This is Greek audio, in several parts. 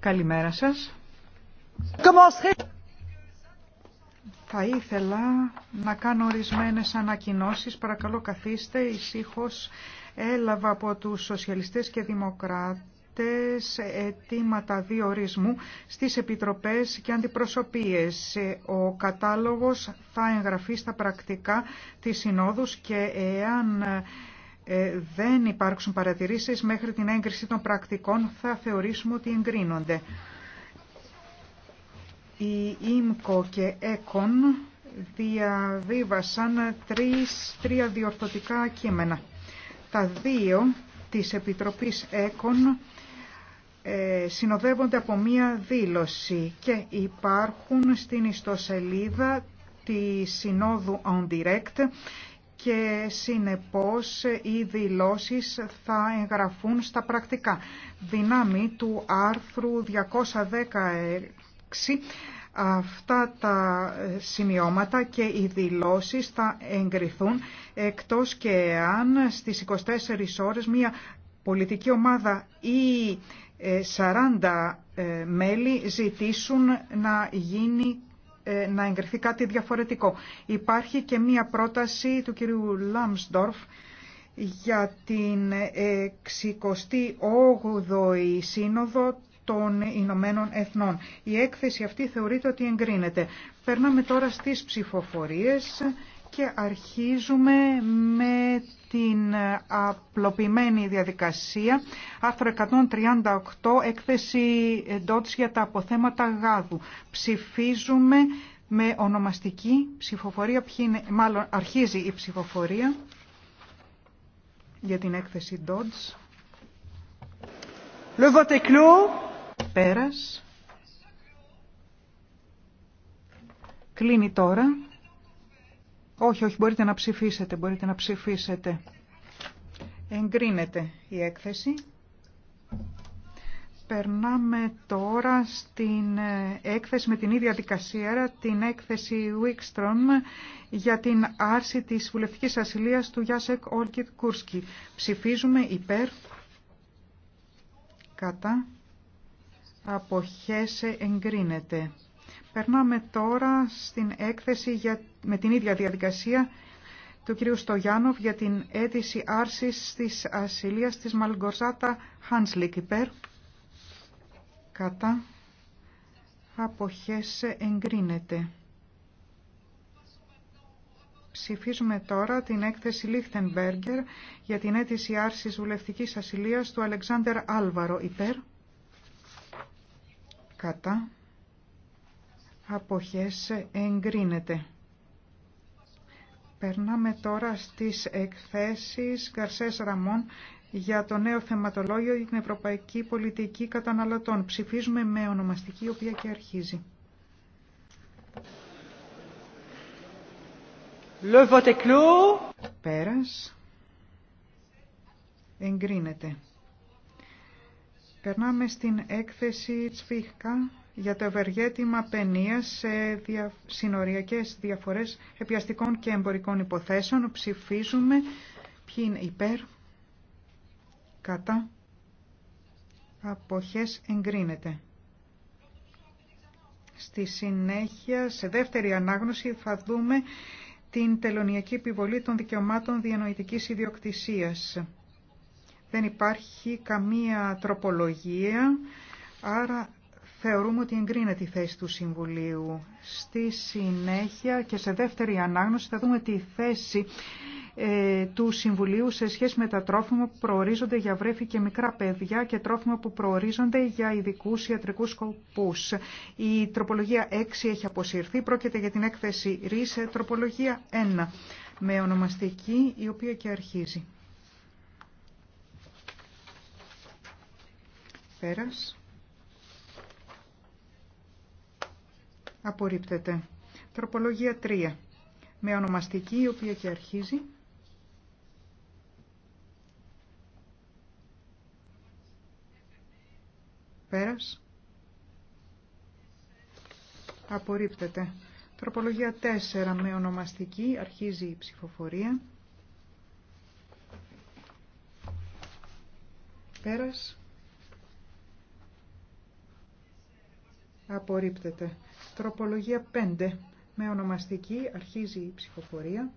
Καλημέρα σας. Θα ήθελα να κάνω ορισμένες ανακοινώσεις. Παρακαλώ καθίστε Ησυχώ Έλαβα από τους σοσιαλιστές και δημοκράτες αιτήματα διορισμού στις επιτροπές και αντιπροσωπείες. Ο κατάλογος θα εγγραφεί στα πρακτικά της Συνόδους και εάν ε, δεν υπάρξουν παρατηρήσεις μέχρι την έγκριση των πρακτικών θα θεωρήσουμε ότι εγκρίνονται. Η ΙΜΚΟ και ΕΚΟΝ διαβίβασαν τρεις, τρία διορθωτικά κείμενα. Τα δύο της Επιτροπής ΕΚΟΝ ε, συνοδεύονται από μία δήλωση και υπάρχουν στην ιστοσελίδα τη Συνόδου On Direct και συνεπώς οι δηλώσεις θα εγγραφούν στα πρακτικά. Δυνάμει του άρθρου 216 αυτά τα ε, σημειώματα και οι δηλώσεις θα εγκριθούν εκτός και αν στις 24 ώρες μια πολιτική ομάδα ή 40 ε, ε, μέλη ζητήσουν να γίνει ε, να εγκριθεί κάτι διαφορετικό. Υπάρχει και μία πρόταση του κυρίου Λάμσντορφ για την 68η Σύνοδο των Ηνωμένων Εθνών. Η έκθεση αυτή θεωρείται ότι εγκρίνεται. Περνάμε τώρα στις ψηφοφορίες και αρχίζουμε με την απλοποιημένη διαδικασία, άρθρο 138, έκθεση Ντότς για τα αποθέματα γάδου. Ψηφίζουμε με ονομαστική ψηφοφορία, ποιοι μάλλον αρχίζει η ψηφοφορία για την έκθεση Dodge. Le vote est clos. Πέρας. Κλείνει τώρα. Όχι, όχι, μπορείτε να ψηφίσετε, μπορείτε να ψηφίσετε. Εγκρίνεται η έκθεση. Περνάμε τώρα στην ε, έκθεση με την ίδια δικασία, την έκθεση Wickstrom για την άρση της βουλευτικής ασυλίας του Γιάσεκ Όλκιτ Κούρσκι. Ψηφίζουμε υπέρ, κατά, αποχέσε εγκρίνεται. Περνάμε τώρα στην έκθεση με την ίδια διαδικασία του κ. Στογιάνοφ για την αίτηση άρσης της ασυλίας της Μαλγκοζάτα Χάνσλικ υπέρ. Κατά αποχές εγκρίνεται. Ψηφίζουμε τώρα την έκθεση Λίχτενμπέργκερ για την αίτηση άρσης βουλευτικής ασυλίας του Αλεξάνδερ Άλβαρο υπέρ. Κατά αποχές εγκρίνεται. Περνάμε τώρα στις εκθέσεις Γκαρσές Ραμών για το νέο θεματολόγιο για την Ευρωπαϊκή Πολιτική Καταναλωτών. Ψηφίζουμε με ονομαστική, η οποία και αρχίζει. Le vote Πέρας. Εγκρίνεται. Περνάμε στην έκθεση Τσφίχκα για το ευεργέτημα παινία σε δια... συνοριακές διαφορές επιαστικών και εμπορικών υποθέσεων. Ψηφίζουμε ποιοι είναι υπέρ, κατά, αποχές εγκρίνεται. Στη συνέχεια, σε δεύτερη ανάγνωση, θα δούμε την τελωνιακή επιβολή των δικαιωμάτων διανοητικής ιδιοκτησίας. Δεν υπάρχει καμία τροπολογία, άρα Θεωρούμε ότι εγκρίνεται η θέση του Συμβουλίου. Στη συνέχεια και σε δεύτερη ανάγνωση θα δούμε τη θέση ε, του Συμβουλίου σε σχέση με τα τρόφιμα που προορίζονται για βρέφη και μικρά παιδιά και τρόφιμα που προορίζονται για ειδικού ιατρικούς σκοπούς. Η τροπολογία 6 έχει αποσυρθεί. Πρόκειται για την έκθεση ΡΙΣΕ, τροπολογία 1, με ονομαστική η οποία και αρχίζει. Πέρας. Απορρίπτεται. Τροπολογία 3. Με ονομαστική η οποία και αρχίζει. Πέρας. Απορρίπτεται. Τροπολογία 4 με ονομαστική αρχίζει η ψηφοφορία. Πέρας. Απορρίπτεται. Τροπολογία 5. Με ονομαστική αρχίζει η ψηφοφορία.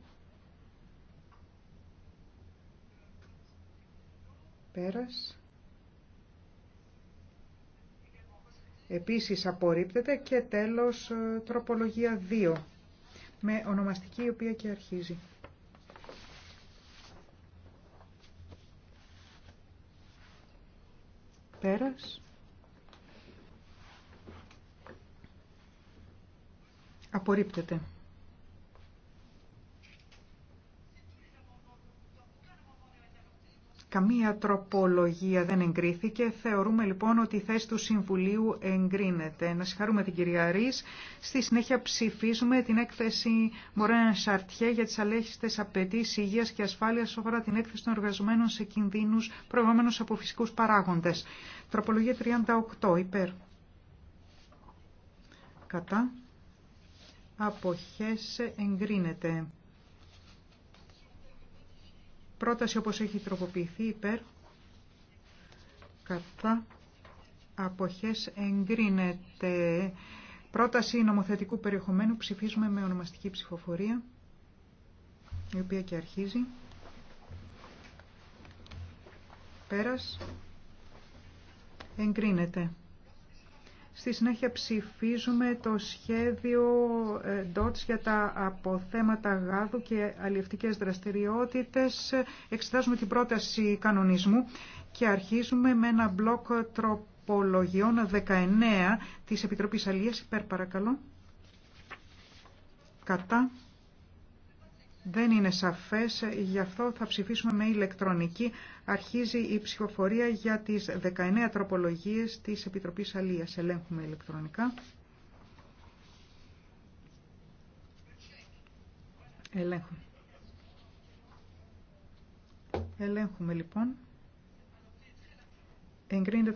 Πέρας. Επίσης απορρίπτεται και τέλος ε, τροπολογία 2. Με ονομαστική η οποία και αρχίζει. Πέρας. Απορρίπτεται. Καμία τροπολογία δεν εγκρίθηκε. Θεωρούμε λοιπόν ότι η θέση του Συμβουλίου εγκρίνεται. Να συγχαρούμε την κυρία Ρης. Στη συνέχεια ψηφίζουμε την έκθεση Μωρένα Σαρτιέ για τις αλέχιστες απαιτήσει υγείας και ασφάλειας αφορά την έκθεση των εργαζομένων σε κινδύνους προηγούμενους από φυσικούς παράγοντες. Τροπολογία 38. Υπέρ. Κατά αποχές εγκρίνεται. Πρόταση όπως έχει τροποποιηθεί υπέρ κατά αποχές εγκρίνεται. Πρόταση νομοθετικού περιεχομένου ψηφίζουμε με ονομαστική ψηφοφορία, η οποία και αρχίζει. Πέρας. Εγκρίνεται. Στη συνέχεια ψηφίζουμε το σχέδιο DOTS ε, για τα αποθέματα γάδου και αλλιευτικές δραστηριότητες. Εξετάζουμε την πρόταση κανονισμού και αρχίζουμε με ένα μπλοκ τροπολογιών 19 της Επιτροπής Αλίας. Υπέρ παρακαλώ. Κατά. Δεν είναι σαφές, γι' αυτό θα ψηφίσουμε με ηλεκτρονική. Αρχίζει η ψηφοφορία για τις 19 τροπολογίες της Επιτροπής Αλίας. Ελέγχουμε ηλεκτρονικά. Ελέγχουμε. Ελέγχουμε λοιπόν.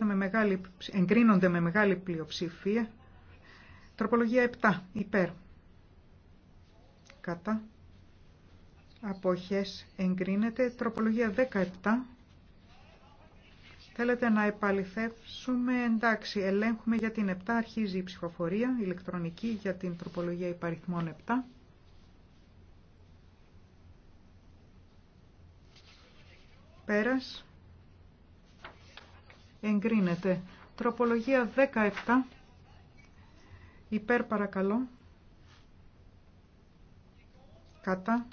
με μεγάλη, εγκρίνονται με μεγάλη πλειοψηφία. Τροπολογία 7. Υπέρ. Κατά αποχές εγκρίνεται. Τροπολογία 17. Θέλετε να επαληθεύσουμε, εντάξει, ελέγχουμε για την 7, αρχίζει η ψηφοφορία, ηλεκτρονική για την τροπολογία υπαριθμών 7. Πέρας. Εγκρίνεται. Τροπολογία 17. Υπέρ παρακαλώ. Κατά.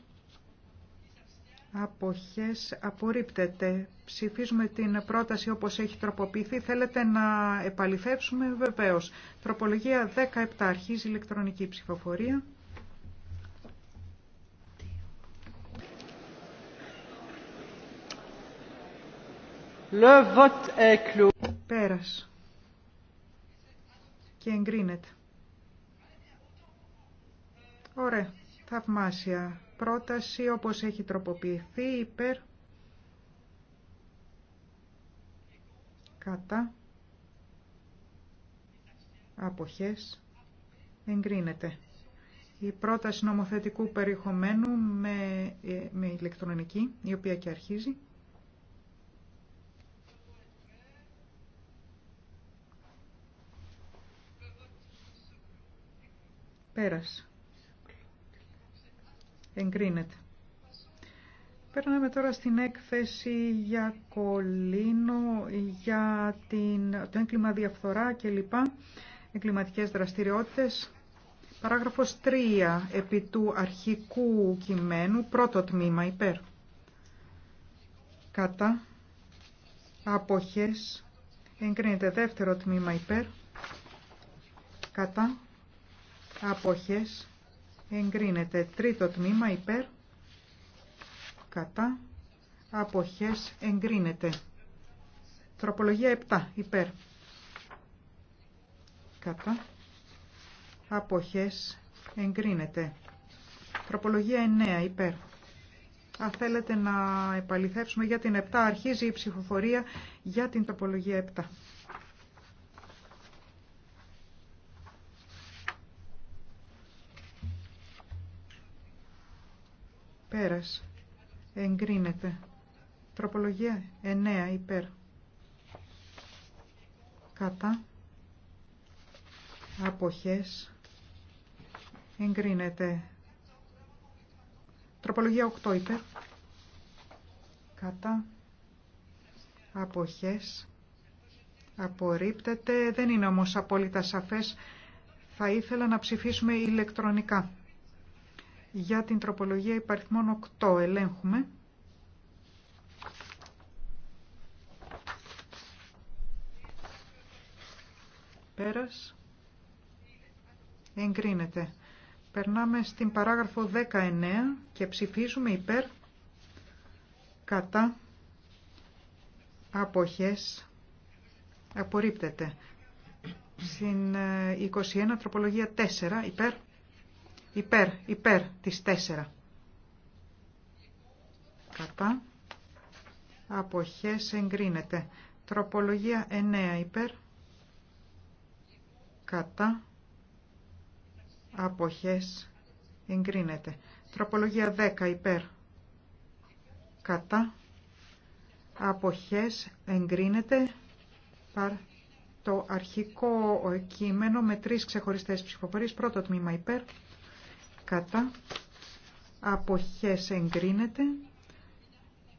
Αποχές απορρίπτεται. Ψηφίζουμε την πρόταση όπως έχει τροποποιηθεί. Θέλετε να επαληθεύσουμε βεβαίως. Τροπολογία 17 αρχίζει ηλεκτρονική ψηφοφορία. Le vote est clos. Πέρας. Και εγκρίνεται. Ωραία. Θαυμάσια. Πρόταση όπως έχει τροποποιηθεί υπέρ κατά αποχές εγκρίνεται. Η πρόταση νομοθετικού περιεχομένου με, ε, με ηλεκτρονική, η οποία και αρχίζει. Πέρασε. Εγκρίνεται. Παίρναμε τώρα στην έκθεση για Κολίνο, για την, το έγκλημα διαφθορά κλπ. Εγκληματικές δραστηριότητες. Παράγραφος 3 επί του αρχικού κειμένου, πρώτο τμήμα υπέρ. Κατά. Αποχές. Εγκρίνεται δεύτερο τμήμα υπέρ. Κατά. Αποχές εγκρίνεται. Τρίτο τμήμα υπέρ, κατά, αποχές εγκρίνεται. Τροπολογία 7 υπέρ, κατά, αποχές εγκρίνεται. Τροπολογία 9 υπέρ. Αν θέλετε να επαληθεύσουμε για την 7, αρχίζει η ψηφοφορία για την τροπολογία 7. Πέρας. Εγκρίνεται. Τροπολογία 9 υπέρ. Κατά. Αποχές. Εγκρίνεται. Τροπολογία 8 υπέρ. Κατά. Αποχές. Απορρίπτεται. Δεν είναι όμως απόλυτα σαφές. Θα ήθελα να ψηφίσουμε ηλεκτρονικά. Για την τροπολογία υπαριθμών 8 ελέγχουμε. Πέρας. Εγκρίνεται. Περνάμε στην παράγραφο 19 και ψηφίζουμε υπέρ κατά αποχές απορρίπτεται. Στην 21 ε, τροπολογία 4 υπέρ Υπέρ, υπέρ της 4. Κατά. Αποχές εγκρίνεται. Τροπολογία 9 υπέρ. Κατά. Αποχές εγκρίνεται. Τροπολογία 10 υπέρ. Κατά. Αποχές εγκρίνεται. Παρ το αρχικό κείμενο με τρεις ξεχωριστές ψηφοφορίες. Πρώτο τμήμα υπέρ κατά αποχές εγκρίνεται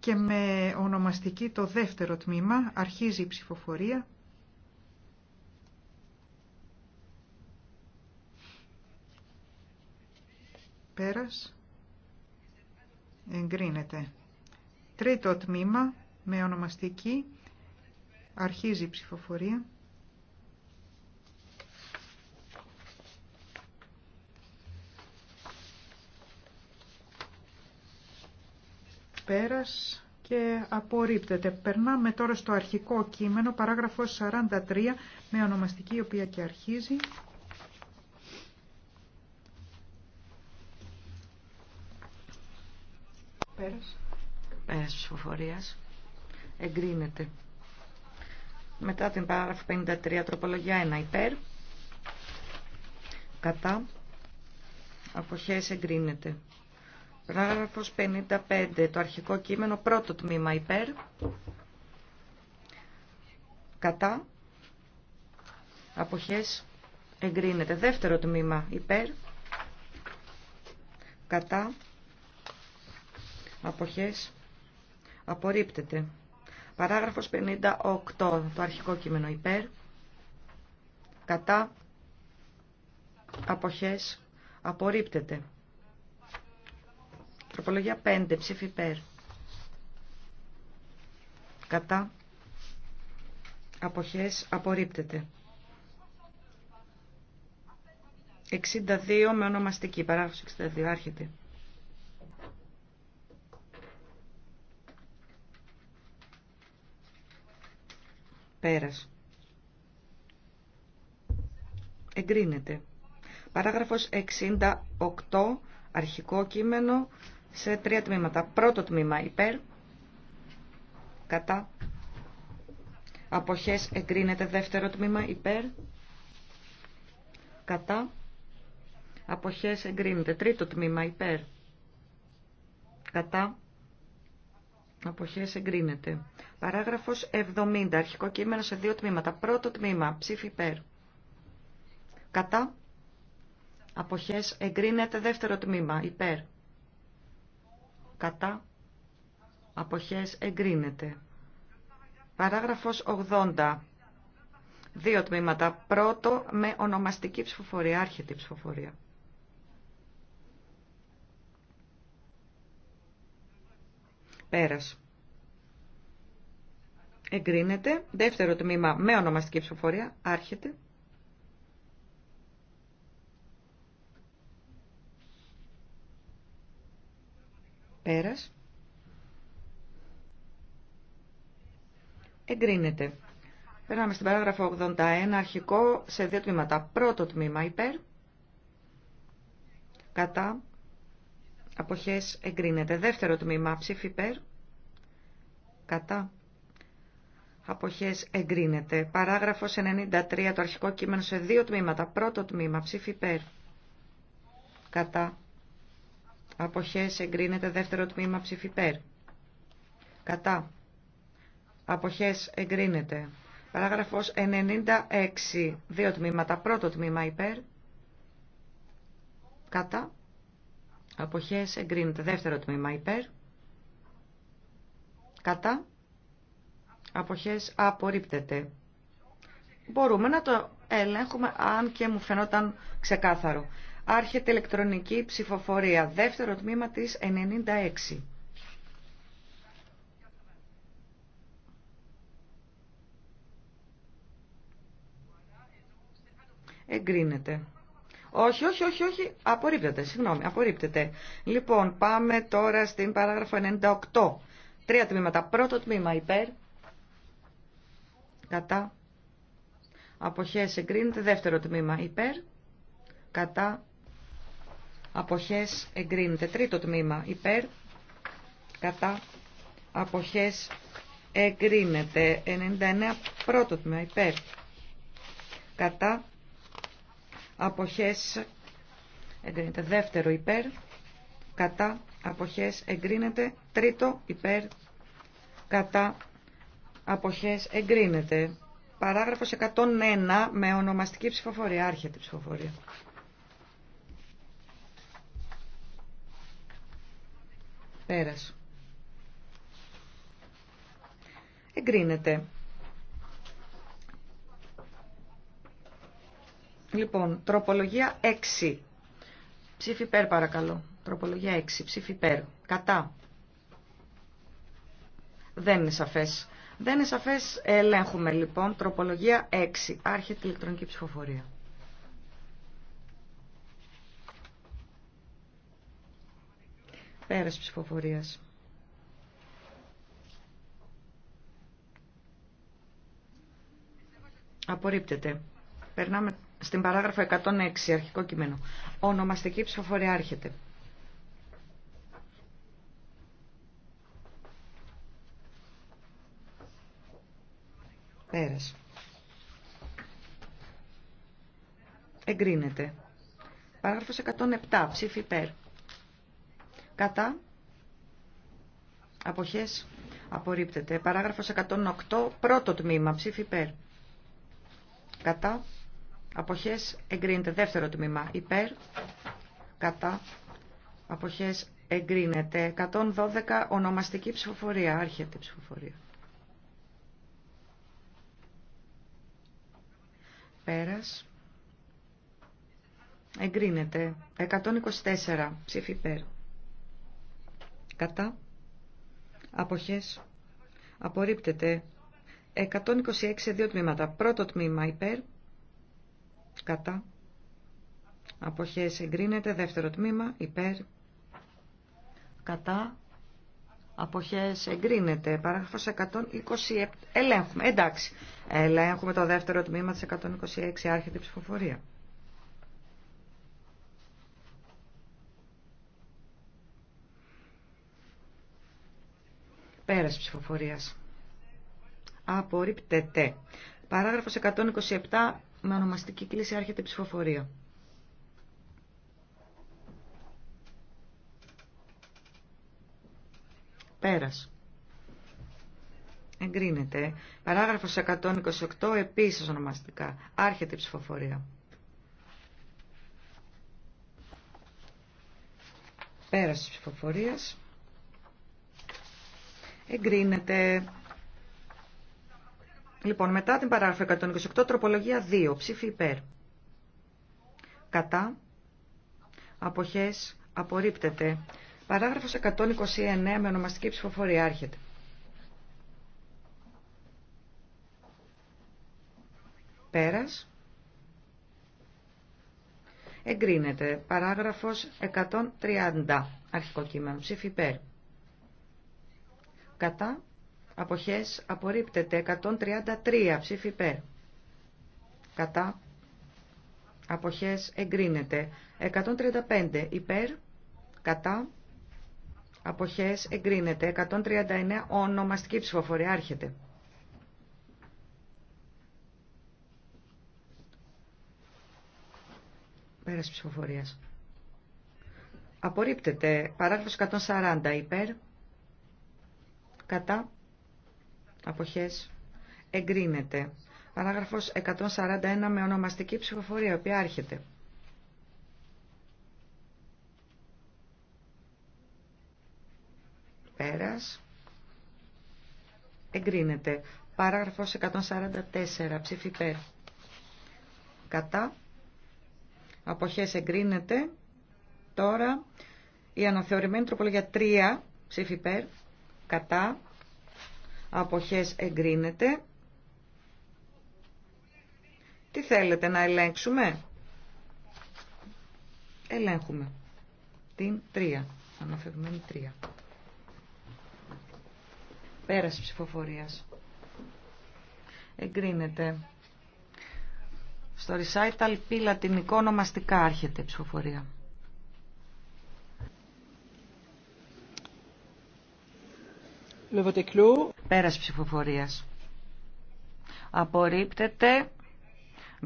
και με ονομαστική το δεύτερο τμήμα αρχίζει η ψηφοφορία. Πέρας. Εγκρίνεται. Τρίτο τμήμα με ονομαστική αρχίζει η ψηφοφορία. πέρας και απορρίπτεται. Περνάμε τώρα στο αρχικό κείμενο, παράγραφος 43, με ονομαστική η οποία και αρχίζει. Πέρας. Πέρας Εγκρίνεται. Μετά την παράγραφο 53, τροπολογία 1, υπέρ. Κατά. Αποχές εγκρίνεται. Παράγραφος 55. Το αρχικό κείμενο πρώτο τμήμα υπέρ. Κατά. Αποχές εγκρίνεται. Δεύτερο τμήμα υπέρ. Κατά. Αποχές απορρίπτεται. Παράγραφος 58. Το αρχικό κείμενο υπέρ. Κατά. Αποχές απορρίπτεται. Τροπολογία 5. Ψήφι υπέρ. Κατά. Αποχές απορρίπτεται. 62 με ονομαστική. Παράγραφος 62. Άρχεται. Πέρας. Εγκρίνεται. Παράγραφος 68. Αρχικό κείμενο σε τρία τμήματα. Πρώτο τμήμα υπέρ, κατά, αποχές εγκρίνεται. Δεύτερο τμήμα υπέρ, κατά, αποχές εγκρίνεται. Τρίτο τμήμα υπέρ, κατά, αποχές εγκρίνεται. Παράγραφος 70, αρχικό κείμενο σε δύο τμήματα. Πρώτο τμήμα, ψήφι υπέρ, κατά, αποχές εγκρίνεται. Δεύτερο τμήμα υπέρ κατά αποχές εγκρίνεται. Παράγραφος 80. Δύο τμήματα. Πρώτο με ονομαστική ψηφοφορία, άρχεται η ψηφοφορία. Πέρας. Εγκρίνεται. Δεύτερο τμήμα με ονομαστική ψηφοφορία, άρχεται. Πέρας. Εγκρίνεται. Περνάμε στην παράγραφο 81, αρχικό, σε δύο τμήματα. Πρώτο τμήμα υπέρ, κατά, αποχές εγκρίνεται. Δεύτερο τμήμα ψήφι υπέρ, κατά, αποχές εγκρίνεται. Παράγραφος 93, το αρχικό κείμενο σε δύο τμήματα. Πρώτο τμήμα ψήφι υπέρ, κατά, Αποχές εγκρίνεται δεύτερο τμήμα ψηφιπέρ. Κατά. Αποχές εγκρίνεται. Παράγραφος 96. Δύο τμήματα. Πρώτο τμήμα υπέρ. Κατά. Αποχές εγκρίνεται. Δεύτερο τμήμα υπέρ. Κατά. Αποχές απορρίπτεται. Μπορούμε να το ελέγχουμε αν και μου φαινόταν ξεκάθαρο. Άρχεται ηλεκτρονική ψηφοφορία. Δεύτερο τμήμα της 96. Εγκρίνεται. Όχι, όχι, όχι, όχι. Απορρίπτεται. Συγγνώμη, απορρίπτεται. Λοιπόν, πάμε τώρα στην παράγραφο 98. Τρία τμήματα. Πρώτο τμήμα υπέρ. Κατά. Αποχές εγκρίνεται. Δεύτερο τμήμα υπέρ. Κατά αποχές εγκρίνεται. Τρίτο τμήμα υπέρ, κατά, αποχές εγκρίνεται. 99 πρώτο τμήμα υπέρ, κατά, αποχές εγκρίνεται. Δεύτερο υπέρ, κατά, αποχές εγκρίνεται. Τρίτο υπέρ, κατά, αποχές εγκρίνεται. Παράγραφος 101 με ονομαστική ψηφοφορία, άρχεται ψηφοφορία. Πέρας. Εγκρίνεται. Λοιπόν, τροπολογία 6. Ψήφι υπέρ παρακαλώ. Τροπολογία 6. Ψήφι υπέρ. Κατά. Δεν είναι σαφές. Δεν είναι σαφές. Ελέγχουμε λοιπόν. Τροπολογία 6. Άρχεται ηλεκτρονική ψηφοφορία. Πέρας ψηφοφορίας. Απορρίπτεται. Περνάμε στην παράγραφο 106, αρχικό κείμενο. Ονομαστική ψηφοφορία άρχεται. Πέρας. Εγκρίνεται. Παράγραφος 107, ψήφι υπέρ. Κατά. Αποχές. Απορρίπτεται. Παράγραφος 108. Πρώτο τμήμα. Ψήφι υπέρ. Κατά. Αποχές. Εγκρίνεται. Δεύτερο τμήμα. Υπέρ. Κατά. Αποχές. Εγκρίνεται. 112. Ονομαστική ψηφοφορία. Άρχεται ψηφοφορία. Πέρας. Εγκρίνεται. 124. Ψήφι υπέρ κατά αποχές απορρίπτεται 126 σε δύο τμήματα. Πρώτο τμήμα υπέρ, κατά, αποχές εγκρίνεται. Δεύτερο τμήμα υπέρ, κατά, αποχές εγκρίνεται. Παράγραφος 127. Ελέγχουμε. Εντάξει. Ελέγχουμε το δεύτερο τμήμα της 126. Άρχεται η ψηφοφορία. Πέρας ψηφοφορίας. Απορρίπτεται. Παράγραφος 127 με ονομαστική κλίση άρχεται η ψηφοφορία. Πέρας. Εγκρίνεται. Παράγραφος 128 επίσης ονομαστικά. Άρχεται η ψηφοφορία. Πέρας της ψηφοφορίας. Εγκρίνεται. Λοιπόν, μετά την παράγραφο 128, τροπολογία 2, ψήφι υπέρ. Κατά. Αποχές. Απορρίπτεται. Παράγραφος 129 με ονομαστική ψηφοφορία άρχεται. Πέρας. Εγκρίνεται. Παράγραφος 130. Αρχικό κείμενο. Ψήφι υπέρ κατά, αποχές απορρίπτεται 133 ψήφι υπέρ, κατά, αποχές εγκρίνεται 135 υπέρ, κατά, αποχές εγκρίνεται 139 ονομαστική ψηφοφορία άρχεται. Πέρας ψηφοφορίας. Απορρίπτεται παράγραφος 140 υπέρ, κατά αποχές εγκρίνεται. Παράγραφος 141 με ονομαστική ψηφοφορία, η οποία άρχεται. Πέρας. Εγκρίνεται. Παράγραφος 144, ψήφι υπέρ. Κατά. Αποχές εγκρίνεται. Τώρα η αναθεωρημένη τροπολογία 3, ψήφι ΠΕΡ κατά αποχές εγκρίνεται. Τι θέλετε να ελέγξουμε. Ελέγχουμε. Την 3. Αναφερμένη 3. Πέραση ψηφοφορίας. Εγκρίνεται. Στο recital πύλα την εικόνα άρχεται η ψηφοφορία. Πέρας ψηφοφορίας. Απορρίπτεται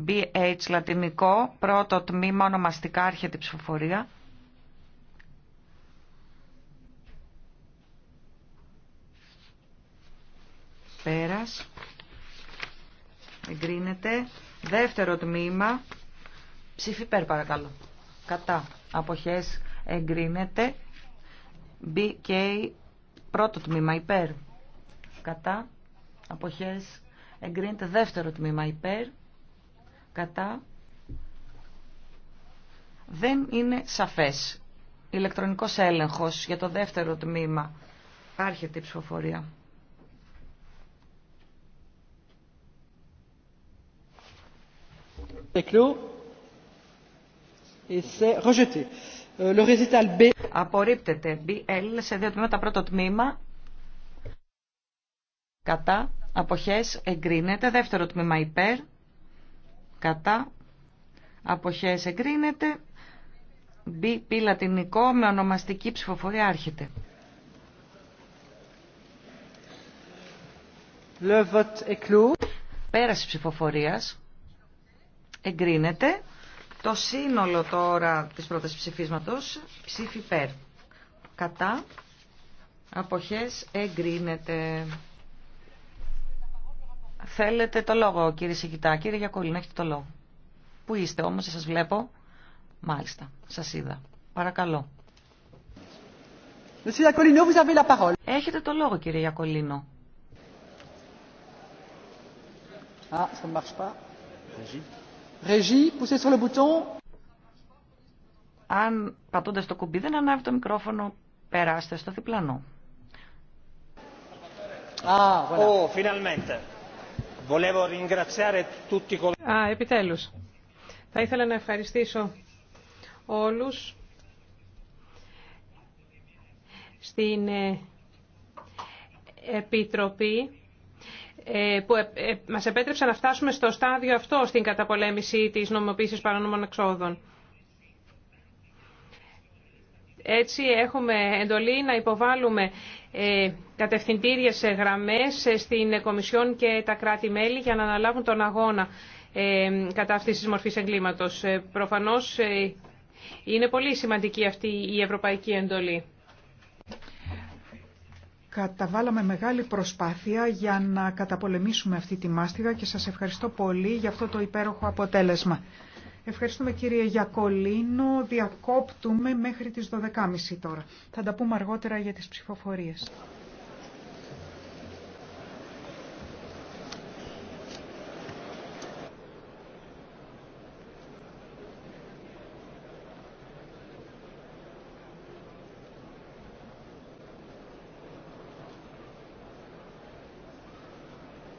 BH λατινικό, πρώτο τμήμα ονομαστικά άρχεται ψηφοφορία. Πέρας. Εγκρίνεται. Δεύτερο τμήμα. Ψήφι υπέρ παρακαλώ. Κατά. Αποχές εγκρίνεται. BK Πρώτο τμήμα υπέρ. Κατά. Αποχές εγκρίνεται. Δεύτερο τμήμα υπέρ. Κατά. Δεν είναι σαφές. Ηλεκτρονικός έλεγχος για το δεύτερο τμήμα. Άρχεται η ψηφοφορία. Εκλού. Ε, le B. Απορρίπτεται. BL σε δύο τμήματα. Πρώτο τμήμα. Κατά. Αποχές εγκρίνεται. Δεύτερο τμήμα υπέρ. Κατά. Αποχές εγκρίνεται. B, π, λατινικό, με ονομαστική ψηφοφορία άρχεται. Πέραση ψηφοφορίας. Εγκρίνεται. Το σύνολο τώρα της πρώτης ψηφίσματος, ψήφι περ. Κατά, αποχές εγκρίνεται. Θέλετε το λόγο κύριε Σιγητά. Κύριε να έχετε το λόγο. Πού είστε όμως, σας βλέπω. Μάλιστα, σας είδα. Παρακαλώ. Έχετε το λόγο κύριε Γιακολίνο. Ah, ça ne marche pas. Αν πατώντας το κουμπί δεν ανάβει το μικρόφωνο, περάστε στο διπλανό. Ah, oh, voilà. ringraziare tutti... επιτέλους. Θα ήθελα να ευχαριστήσω όλους στην ε, Επιτροπή ε, που ε, ε, μας επέτρεψαν να φτάσουμε στο στάδιο αυτό στην καταπολέμηση της νομιμοποίησης παρανομών εξόδων. Έτσι έχουμε εντολή να υποβάλουμε κατευθυντήριες γραμμές στην Κομισιόν και τα κράτη-μέλη για να αναλάβουν τον αγώνα κατά αυτής της μορφής εγκλήματος. Προφανώς είναι πολύ σημαντική αυτή η ευρωπαϊκή εντολή καταβάλαμε μεγάλη προσπάθεια για να καταπολεμήσουμε αυτή τη μάστιγα και σας ευχαριστώ πολύ για αυτό το υπέροχο αποτέλεσμα. Ευχαριστούμε κύριε Γιακολίνο. Διακόπτουμε μέχρι τις 12.30 τώρα. Θα τα πούμε αργότερα για τις ψηφοφορίες.